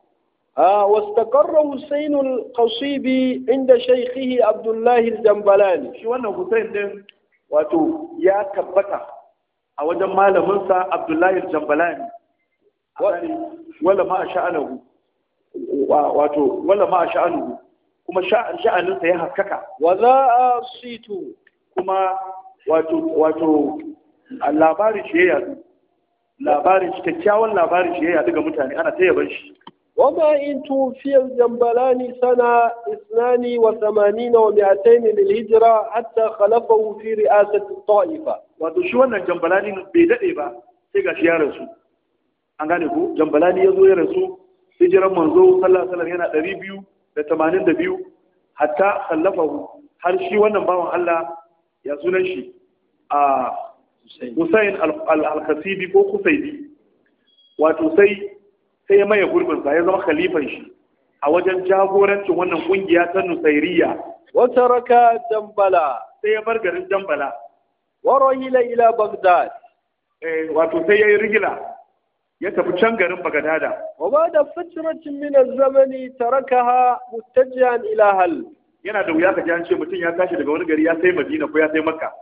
واستقر حسين القصيبي عند شيخه عبد الله الجنبلاني شو wannan Hussein din wato ya tabbata a wajen malamin Abdullahi al-Jambalani wala ma sha'anahu wato wala ma sha'anuhu kuma sha'anin ya haskaka wa za situ kuma wato labarin shi ya yadu labarin kyakkyawan labarin shi ya yadu ga mutane ana ta yaban shi وما إن توفي الجنبلان سنة اثنان وثمانين ومئتين للهجرة حتى خلفه في رئاسة الطائفة وتشوى أن الجنبلاني بيدئ با سيقى شيا رسول an gane ko jambalani ya zo ya rasu hijiran manzo sallallahu alaihi yana ɗari biyu da tamanin da biyu hatta sallafahu har shi wannan bawan Allah ya sunan shi a Hussein al-Khasibi ko Kusaidi sai sai ya maye gurbinsa ya zama khalifan shi a wajen jagorancin wannan kungiya ta nusairiya wata raka jambala. sai ya bar garin dambala warahila ila bagdad eh, wato sai ya yi rigila ya tafi can garin bagadada wa ba da fitratin min zamani tarakaha muttajihan ila hal yana da wuya ka ji an ce mutum ya tashi daga wani gari ya sai madina ko ya sai makka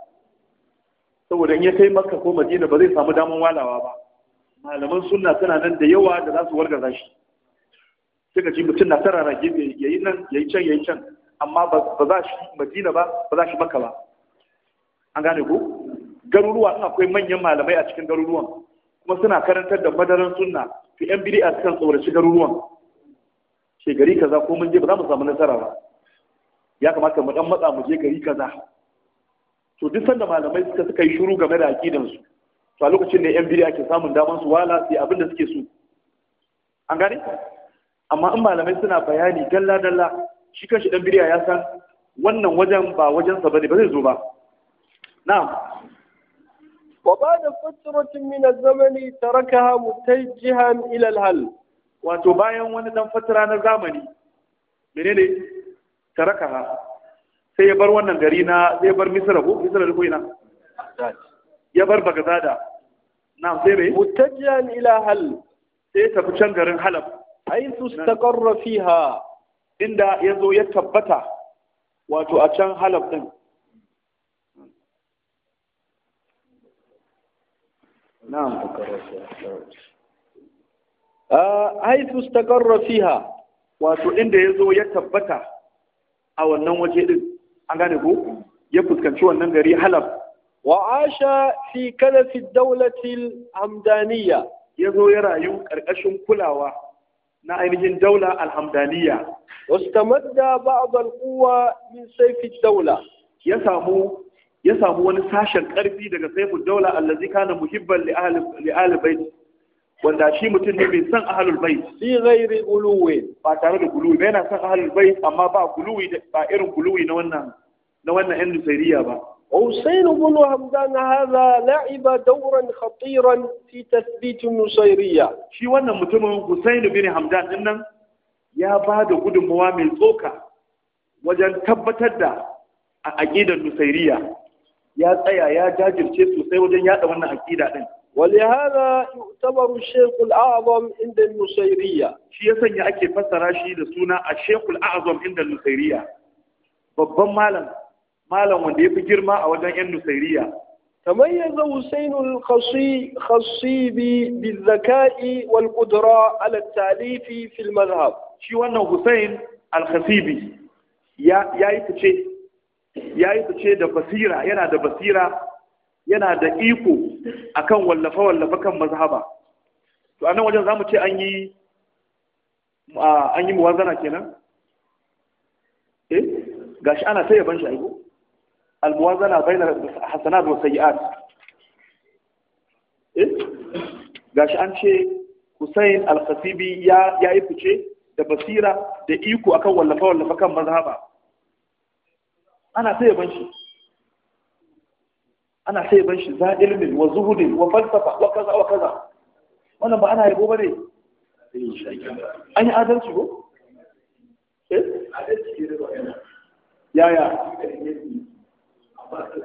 saboda in ya sai makka ko madina ba zai samu daman walawa ba malaman sunna suna nan da yawa da za su wargaza shi suka ce mutum na tara rage ya yi nan ya yi can ya yi can amma ba za shi madina ba ba za shi maka ba an gane ko garuruwa suna akwai manyan malamai a cikin garuruwan kuma suna karantar da madaran sunna fi yan a cikin tsoraci garuruwan ce gari kaza ko mun je ba za mu samu nasara ba ya kamata mu dan matsa mu je gari kaza to duk sanda malamai suka suka yi shiru game da aqidansu su to a lokacin da yan biriya ke samun daman su wala sai abin da suke so an gane amma in malamai suna bayani dalla dalla shi kanshi dan biriya ya san wannan wajen ba wajen sa bane ba zai zo ba na'am wa ba'da fatratin min az-zamani tarakaha mutajjihan ila al-hal wato bayan wani dan fatara na zamani menene tarakaha sai ya bar wannan gari na sai ya bar misra ko misra ko ina ya bar bagazada na zere mutajjan ila hal sai tafi can garin halab ta istaqarra fiha inda yazo ya tabbata wato a can halab din na'am ta istaqarra fiha wato inda yazo ya tabbata a wannan waje din an gane ko ya fuskanci wannan gari halab وعاش في كنف الدولة الهمدانية يزو يرايو كركشن كلاوة نائمه دولة الهمدانية واستمد بعض القوة من سيف الدولة يسامو يسامو ونساشا القربي دقى سيف الدولة الذي كان مهبا لأهل, لأهل بيت wanda shi mutum ne mai san ahalul bai fi ghairi guluwi ba tare da guluwi ba yana san ahalul bai amma ba نوانا ba irin guluwi na حسين بن همدان هذا لعب دورا خطيرا في تثبيت النصيرية شي وانا متمم حسين بن همدان إنن يا بعد قد موامل توكا وجن تبتدى أكيد النصيرية يا تيا يا جاجر شيء سوسي وجن يا وانا أكيد أن ولهذا يعتبر الشيخ الأعظم عند النصيرية شي يسني أكي فسر شي لسونا الشيخ الأعظم عند النصيرية babban malam malam wanda ya fi girma a wajen yan nusairiya kamar ya zo husainul khasibi bi zaka'i wal qudra ala talifi shi wannan husain al khasibi ya yayi fice da basira yana da basira yana da iko akan wallafa kan mazhaba to anan wajen zamu ce an yi an yi kenan eh gashi ana ta yaban shi almuwazana bainar hasanat wa sayyi'at eh gashi an ce Hussein al-Khasibi ya ya yi fice da basira da iko akan wallafa wallafa kan mazhaba ana sai ban shi ana sai ban shi za ilmin wa zuhudin wa falsafa wa kaza wa kaza wannan ba ana yabo bane an yi adalci ko eh adalci ne da yaya ba su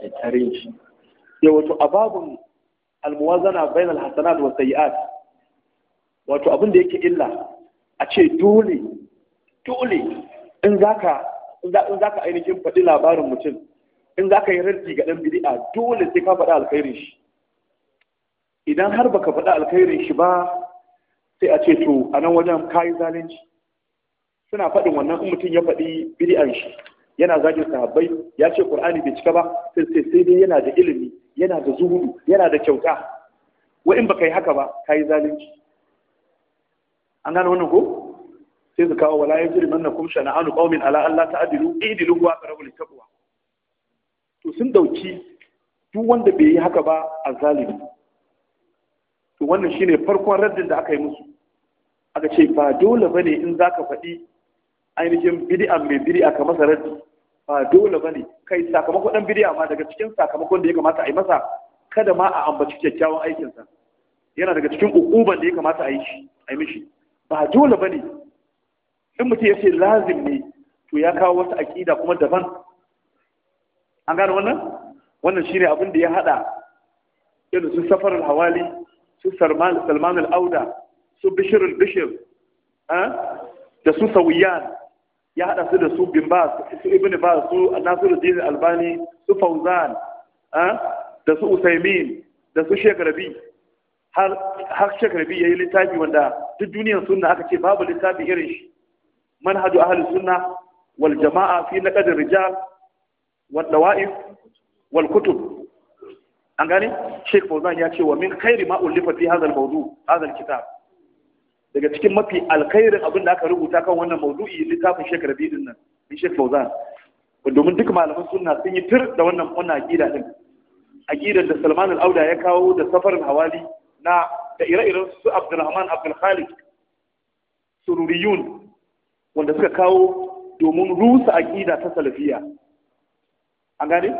ke tare shi ya wato a babun almuwazana bayan alhassanat wa sayi'at wato abin da yake illa a ce dole dole in zaka in zaka ainihin faɗi labarin mutum in za ka yi raddi ga ɗan bid'a dole sai ka faɗa alkhairin shi idan har baka faɗa alkhairin shi ba sai a ce to a nan wajen ka yi zalunci suna faɗin wannan in mutum ya faɗi bid'an shi yana zagin sahabbai ya ce qur'ani bai cika ba sai sai dai yana da ilimi yana da zuhudu yana da kyauta wa in baka yi haka ba ka yi zalunci an gane wannan ko sai su kawo wala ya yajrimannakum shana'anu qaumin ala alla ta'dilu idilu wa qarabul taqwa to sun dauki duk wanda bai yi haka ba a zalimi to wannan shine farkon raddin da aka yi musu aka ce ba dole bane in zaka faɗi ainihin bid'a mai bid'a ka masa raddi ba dole bane kai sakamakon dan bid'a ma daga cikin sakamakon da ya kamata a yi masa kada ma a ambaci kyakkyawan aikinsa yana daga cikin ukuban da ya kamata a yi shi a yi mishi ba dole bane in mutum ya ce lazim ne to ya kawo wata aƙida kuma daban an gane wannan wannan shine abin da ya hada irin su safar hawali su salman salman al-auda su bishr al-bishir eh, da su sawiyan ya hada su da su bimbas su ibn bas su al albani su fauzan eh, da su usaymin da su rabi har har rabi yayi littafi wanda duk duniyar sunna aka ce babu littafi irin shi manhaju ahli sunna wal jama'a fi naqd rijal والدوائف والكتب an gane sheik fauzan ya ce wa min khairi ma ullifa هذا hadha al-mawdu daga cikin mafi alkhairin abin da aka rubuta kan wannan mawdu'i littafin Sheikh rabi din nan din sheik fauzan domin duk malaman sunna sun yi tir da wannan wannan aqida din aqidar da Salman al-Auda ya kawo da safarin hawali na da ire-iren su Abdulrahman Abdul Khalid sururiyun wanda suka kawo domin rusa aqida ta salafiyya an gane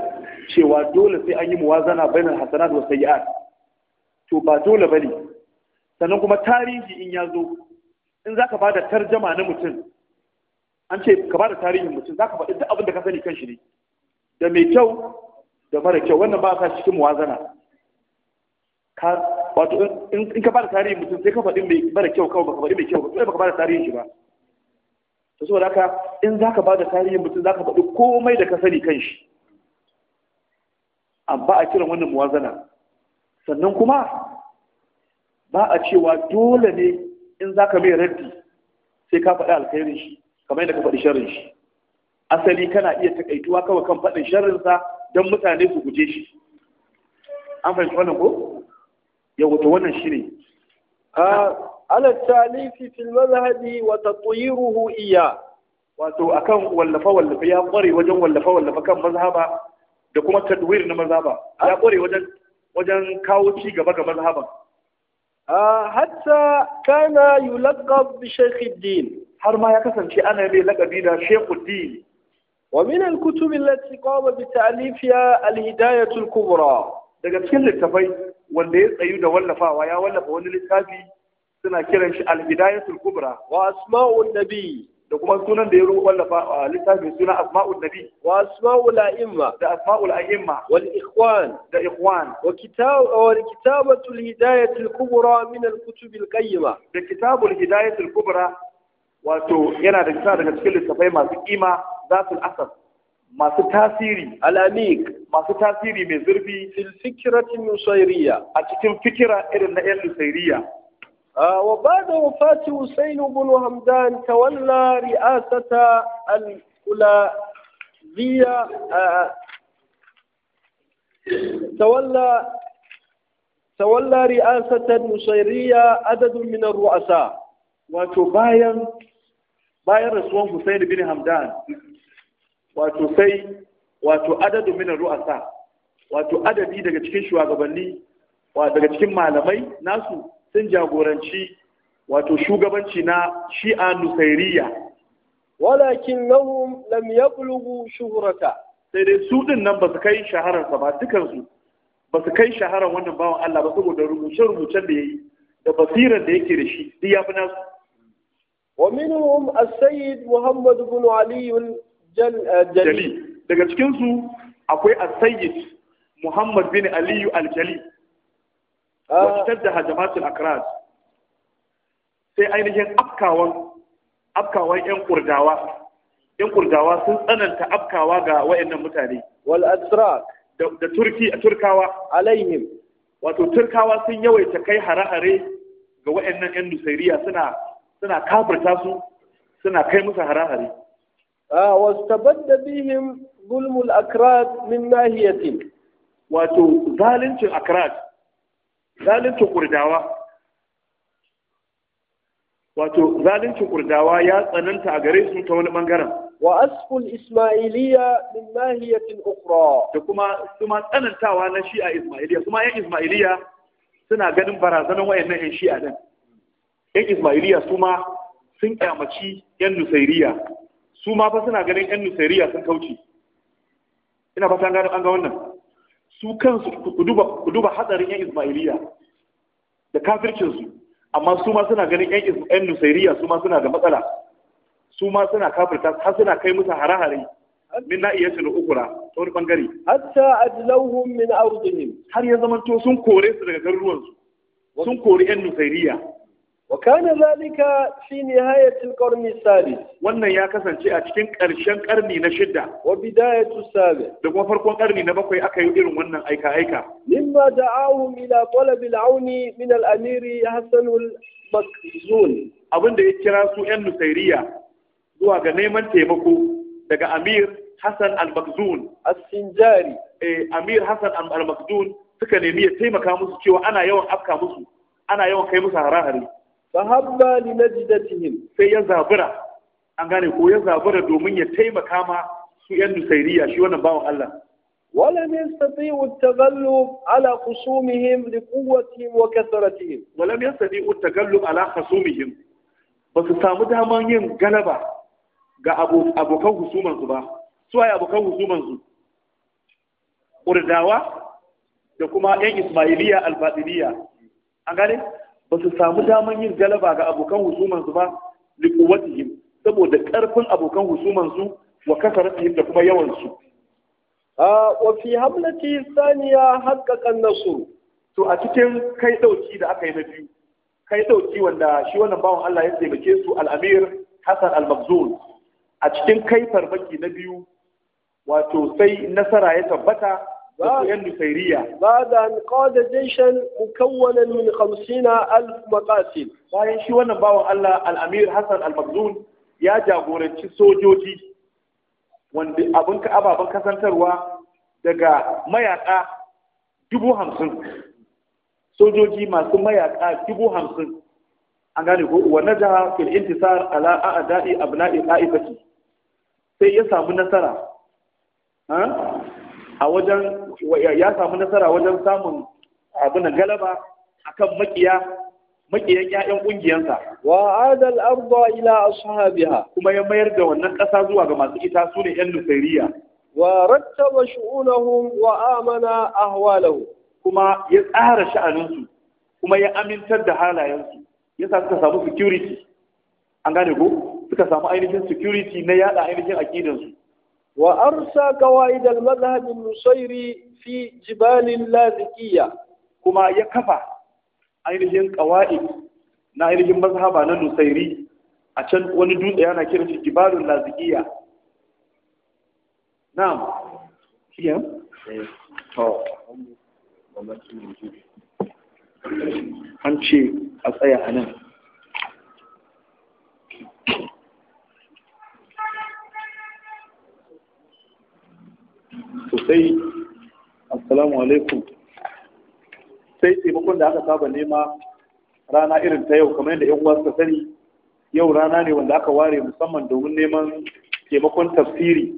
cewa dole sai an yi muwazana bainar hasanat wa sayyi'at to ba dole bane sannan kuma tarihi in ya zo in zaka bada tarjama na mutum an ce ka bada tarihin mutum zaka faɗi duk abin da ka sani kan shi ne da mai kyau da mara kyau wannan ba ka cikin muwazana ka wato in ka bada tarihin mutum sai ka faɗi mai mara kyau kawai baka faɗi mai kyau ba baka bada tarihin shi ba to saboda haka in zaka bada tarihin mutum zaka faɗi komai da ka sani kan shi ba a kiran wannan muwazana sannan kuma ba a cewa dole ne in za ka mai raddi sai ka faɗi alkhairin shi kamar yadda ka faɗi sharrin shi asali kana iya takaituwa kawai kan faɗin sharrinsa don mutane su guje shi an fahimci wannan ko yau wata wannan shi ne ala talifi fil mazhabi wa tatwiruhu iya wato akan wallafa wallafa ya kware wajen wallafa wallafa kan mazhaba da kuma tadwir na mazhaba ya kore wajen wajen kawo ci gaba ga mazhaban ah, hatta kana yulaqab bi shaykh din har ma ya kasance ana mai laqabi da shaykh din wa min al kutub allati qama bi ta'lifiha al hidayah al kubra daga cikin littafai wanda ya tsayu da wallafawa ya wallafa wani littafi suna kiran shi al hidayah al kubra wa asma'u nabi da kuma sunan da ya wallafa a littafin suna asma'ul nabi wa asma'ul a'imma da asma'ul a'imma wal ikhwan da ikhwan wa kitab wa kitabatul hidayatul kubra min al kutubil qayyima da kitabul hidayatul kubra wato yana da kisa daga cikin littafai masu kima zatul asas masu tasiri alamik masu tasiri mai zurfi fil fikratin nusairiya a cikin fikira irin na yan nusairiya وبعد وفاة حسين بن همدان تولى رئاسة الكلابية تولى تولى رئاسة النصيرية عدد من الرؤساء bayan rasuwan Hussein bin Hamdan wato sai wato adadu ru'asa wato adadi daga cikin shugabanni daga cikin malamai nasu sun jagoranci wato shugabanci na shi'a nusairiya walakin lahum lam yablughu shuhrata sai dai su din nan ba su kai shaharar sa ba dukan su ba su kai shaharar wannan bawan Allah ba saboda rubuce rubucen da yayi da basirar da yake da shi duk ya fi nasu wa minhum as-sayyid Muhammad ibn Ali al-Jali eh, daga cikin su akwai as-sayyid Muhammad bin Ali al-Jali Ah. wajtar da hajamatul akras sai ainihin afkawan yan kurdawa yan kurdawa sun tsananta afkawa ga wayannan mutane wal asrak da turki a turkawa alaihim wato turkawa sun yawaita kai hare-hare ga wayannan yan nusairiya suna suna kafirta su suna kai musu hare-hare واستبد بهم ظلم الأكراد min nahiyatin wato zaluncin akrat zalunci kurdawa wato zalunci kurdawa ya tsananta a gare su ta wani bangaren wa asful ismailiya min nahiyatin ukhra da kuma kuma tsanantawa na shi'a ismailiya kuma yan ismailiya suna ganin barazanar wayannan yan shi'a din yan ismailiya su ma sun kyamaci yan nusairiya su ma fa suna ganin yan nusairiya sun kauce ina fatan gano an ga wannan su kansu ku duba hadarin yan ismailiya da kafircinsu amma su ma suna ganin yan nusairiya su ma suna da matsala su ma suna kafirta har suna kai musu hare-hare min na iya shirin ukura ta wani bangare hatta ajlauhum min ardihim har ya zamanto sun kore su daga garuruwansu sun kore yan nusairiya wa kana zalika fi nihayatil qarni wannan ya kasance a cikin ƙarshen ƙarni na shidda wa bidayatu sabi da kuma farkon ƙarni na bakwai aka yi irin wannan aika aika mimma da'ahum ila talab al-auni min al-amir Hassan al-Makhzun abinda ya kira su yan nusairiya zuwa ga neman taimako daga Amir Hassan al-Makhzun as-Sinjari eh Amir Hassan al-Makhzun suka nemi ya taimaka musu cewa ana yawan afka musu ana yawan kai musu harahari fahabba li najdatihim sai ya zabura an gane ko ya zabura domin ya taimaka ma su yan nusairiya shi wannan bawan Allah ولم يستطيعوا التغلب على خصومهم لقوتهم وكثرتهم ولم يستطيعوا التغلب على خصومهم بس سامو daman yin galaba ga abokan husuman su ba su ai abokan husuman su kurdawa da kuma yan ismailiya albadiliya an gane ba su samu daman yin galaba ga abokan husumansu ba liquwatihim saboda karfin abokan husumansu wa kasaratihim da kuma yawansu ah, wa fi hamlati saniya haqqaqan nasr to a cikin kai dauki da aka yi na biyu kai dauki wanda shi wannan bawan Allah ya taimake su al-Amir Hassan al-Mabzul a cikin kai farmaki na biyu wato sai nasara ya tabbata وسفيان نفيرية بعد أن قاد جيشا مكونا من خمسين ألف مقاتل bayan shi wannan bawan Allah Al'amir Hassan al-Makzun ya jagoranci sojoji wanda abin daga mayaka dubu hamsin sojoji masu mayaka dubu hamsin an gane ko wa najaha fil intisar ala a'da'i sai ya samu nasara a wajen ya samu nasara wajen samun abin da galaba akan makiya makiyan ƴaƴan ƙungiyarsa wa adal arda ila ashabiha kuma ya mayar da wannan ƙasa zuwa ga masu ita su ne ƴan nusairiya wa rattaba shu'unahum wa amana ahwalahu kuma ya tsara sha'aninsu kuma ya amintar da halayensu yasa suka samu security an suka samu ainihin security na yada ainihin aqidansu وأرسى قواعد المذهب النصيري في جبال Kuma كما يكفى ainihin ƙawa'id na ainihin mazhaba na nusairi a can wani dutse yana kiran shi jibalun na'am to an ce a tsaya a nan sosai assalamu alaikum sai taimakon da aka saba nema rana irin ta yau kamar yadda yan uwa suka sani yau rana ne wanda aka ware musamman domin neman taimakon tafsiri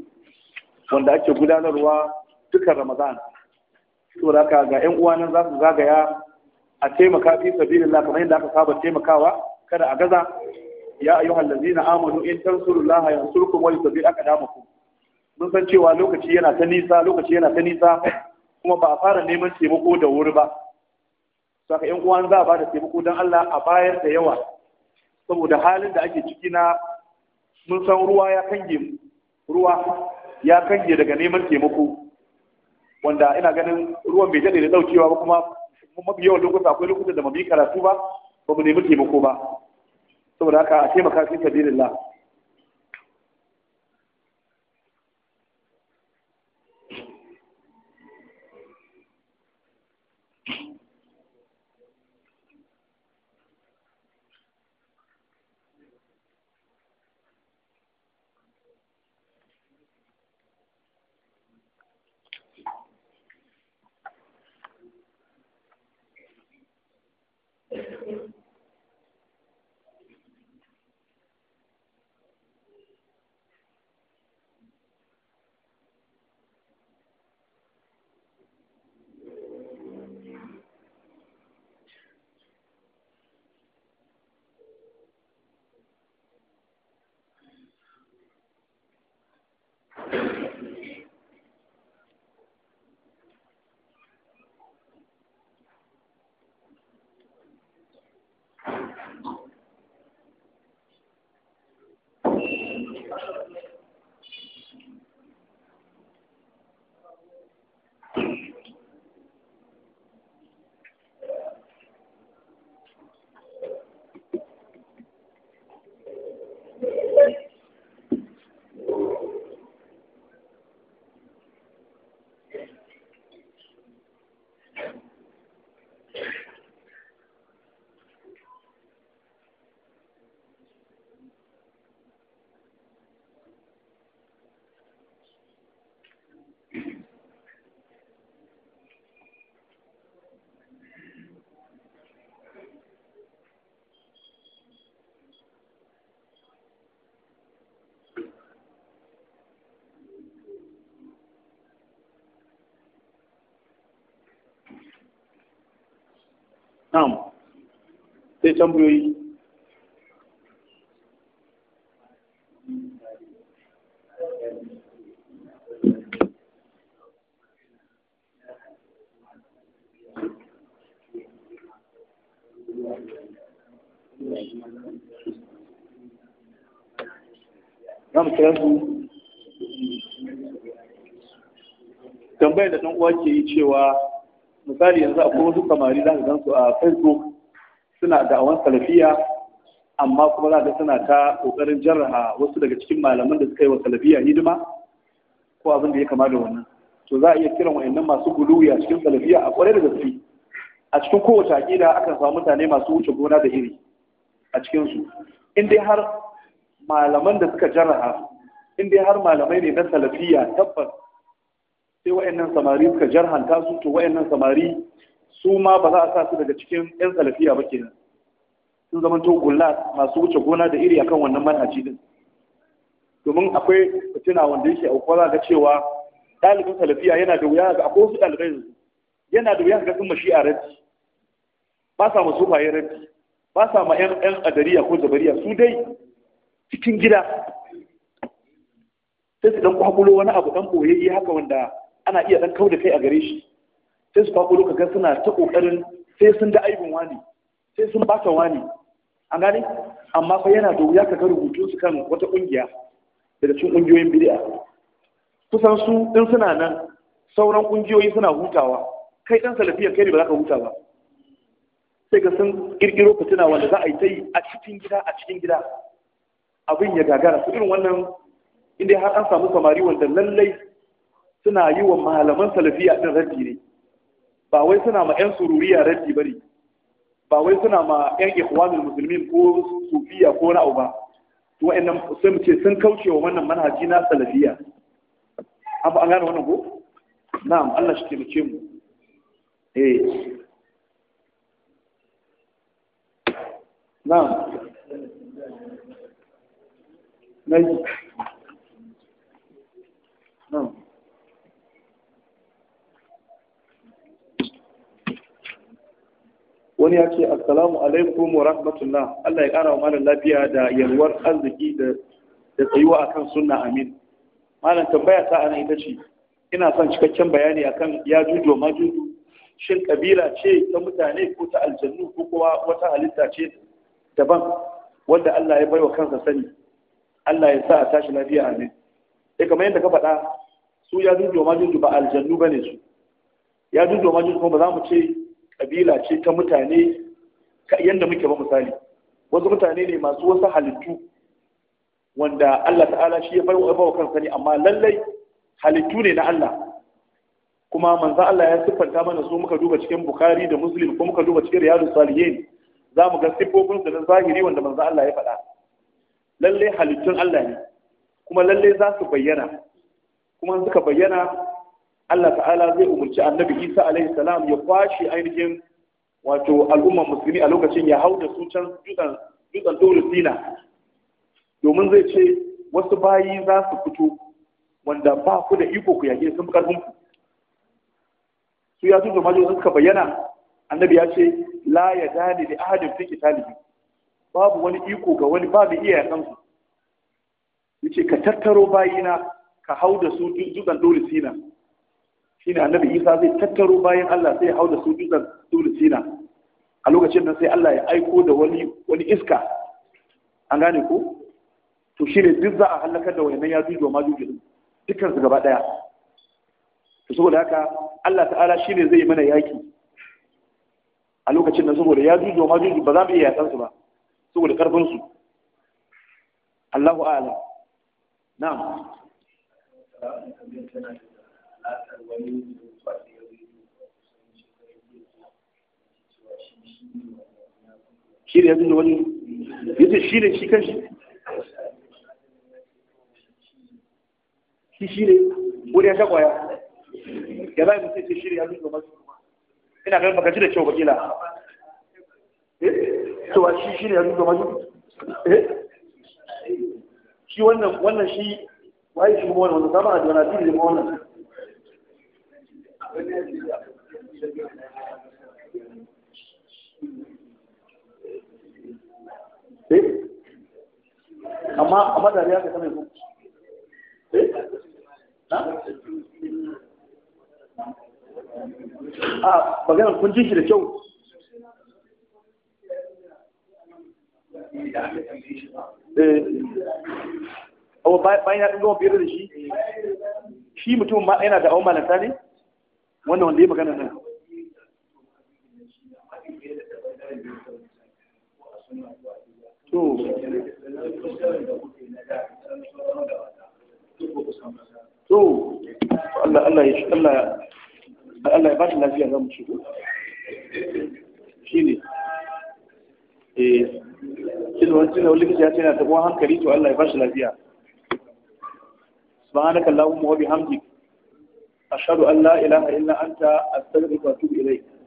wanda ake gudanarwa dukkan ramadan da haka ga yan uwa nan za su zagaya a taimaka fi sabilillah kamar yadda aka saba taimakawa kada a gaza ya ayyuhal ladzina amanu in tansurullaha yansurkum wa yusabbit aqdamakum mun san cewa lokaci yana ta nisa lokaci yana ta nisa kuma ba a fara neman taimako da wuri ba ka yan uwan za a ba da taimako don Allah a bayar da yawa saboda halin da ake ciki na mun san ruwa ya kange ruwa ya kange daga neman taimako wanda ina ganin ruwan bai daɗe da ɗaukewa ba kuma mafi yawan lokuta akwai lokuta da mu yi karatu ba ba mu nemi taimako ba saboda haka a taimaka fi sabilillah na'am sai tambayoyi za mu kira su tambayar da ɗan uwa ke yi cewa misali yanzu akwai wasu samari za ka gan su a facebook suna da'awan salafiya amma kuma za ka suna ta kokarin jarraha wasu daga cikin malaman da suka yi wa salafiya hidima ko abin da ya kama da wannan to za a iya kiran wa'annan masu guluwi a cikin salafiya a kwarai da gaske a cikin kowace aƙida akan samu mutane masu wuce gona da iri a cikin su in dai har malaman da suka jarraha in dai har malamai ne na salafiya tabbas sai wa'annan samari suka jarhanta su to wa'annan samari su ma ba za a sa su daga cikin yan salafiya ba kenan sun zama to gulla masu wuce gona da iri akan wannan manhaji din domin akwai fitina wanda yake aukuwa za ga cewa ɗalibin salafiya yana da wuya ga akwai wasu ɗalibai yana da wuya ga sun mashi a rabbi ba sa masu faye rabbi ba sa ma yan yan adariya ko jabariya su dai cikin gida sai su dan kwakulo wani abu dan boyayye haka wanda ana iya dan kauda kai a gare shi sai su kwakwalo ka ga suna ta kokarin sai sun da aibin wani sai sun baka wani an gane amma fa yana da wuya ka ga rubutun su kan wata kungiya daga cikin kungiyoyin bid'a kusan su in suna nan sauran kungiyoyi suna hutawa kai dan salafiyar kai ne ba za ka huta ba sai ka sun kirkiro fitina wanda za a yi ta yi a cikin gida a cikin gida abin ya gagara su irin wannan inda har an samu samari wanda lallai suna yi wa malaman salafiya din raddi ne ba wai suna ma yan sururiya raddi bari ba wai suna ma yan ikhwanul muslimin ko sufiya ko na uba to wa'annan sai mu ce sun kauce wa wannan manhaji na salafiya an an gane wannan ko na'am Allah shi taimake mu eh na'am na'am wani ya ce assalamu alaikum wa rahmatullah Allah ya kara wa malam lafiya da yalwar arziki da da tsayuwa akan sunna amin malam tambaya ta ana ita ce ina son cikakken bayani akan ya jujo ma juju shin kabila ce ta mutane ko ta aljannu ko kuwa wata halitta ce daban wanda Allah ya baiwa kansa sani Allah ya sa a tashi lafiya amin eh kamar yadda ka faɗa su ya jujo ma juju ba aljannu bane su ya jujo ma juju ba za mu ce kabila ce ta mutane yadda muke ba misali wasu mutane ne masu wasu halittu wanda Allah ta'ala shi ya baiwa wa kansa ne amma lallai halittu ne na Allah kuma manzo Allah ya siffanta mana su muka duba cikin Bukari da Muslim ko muka duba cikin Riyadu Salihin za mu ga siffofin da na zahiri wanda manzo Allah ya faɗa lallai halittun Allah ne kuma lallai za su bayyana kuma suka bayyana Allah ta'ala zai umarci annabi Isa alaihi salam ya kwashe ainihin wato al'umman musulmi a lokacin ya hau da su can dutsen dutsen Dole Sina domin zai ce wasu bayi za su fito wanda ba ku da iko ku yage sun karfin ku su ya tuzo majo suka bayyana annabi ya ce la ya dani da ahadin fi talibi babu wani iko ga wani babu iya yakan su yace ka tattaro bayina ka hau da su dutsen Dole Sina shine annabi Isa zai tattaro bayan Allah sai ya hau da su dutsen Sina? a lokacin nan sai Allah ya aiko da wani wani iska an gane ko to shine duk za a halakar da wayannan yajuju ma majuju din dukkan su gaba daya to saboda haka Allah ta'ala shine zai mana yaki a lokacin nan saboda yajuju ma majuju ba za mu iya yakan su ba saboda karfin su Allahu a'lam na'am alaƙar ya shi ne yanzu da wani yanzu shi ne shi kan shi shi ne wani ya shakwaya ya za a mutum ce shi ne ya zuwa masu ina ganin baka ji da kyau bakila to eh? shi shi ne ya zuwa masu eh? shi wannan wannan shi waye shi kuma wannan sama a jona shi ne kuma wannan eh amma amma da ya ka mai ku eh a maganar kun ji shi da kyau eh. abu bayan ya ɗin gama biyar da shi shi mutum ma yana da awon malanta ne wanda wanda ya magana nan to to Allah Allah ya Allah Allah ya ba shi lafiya zamu ci shine eh shin wani tunan likita ya ce na tabuwa hankali to Allah ya ba shi lafiya سبحانك اللهم وبحمدك أشهد أن لا إله إلا أنت أستغفرك وأتوب إليك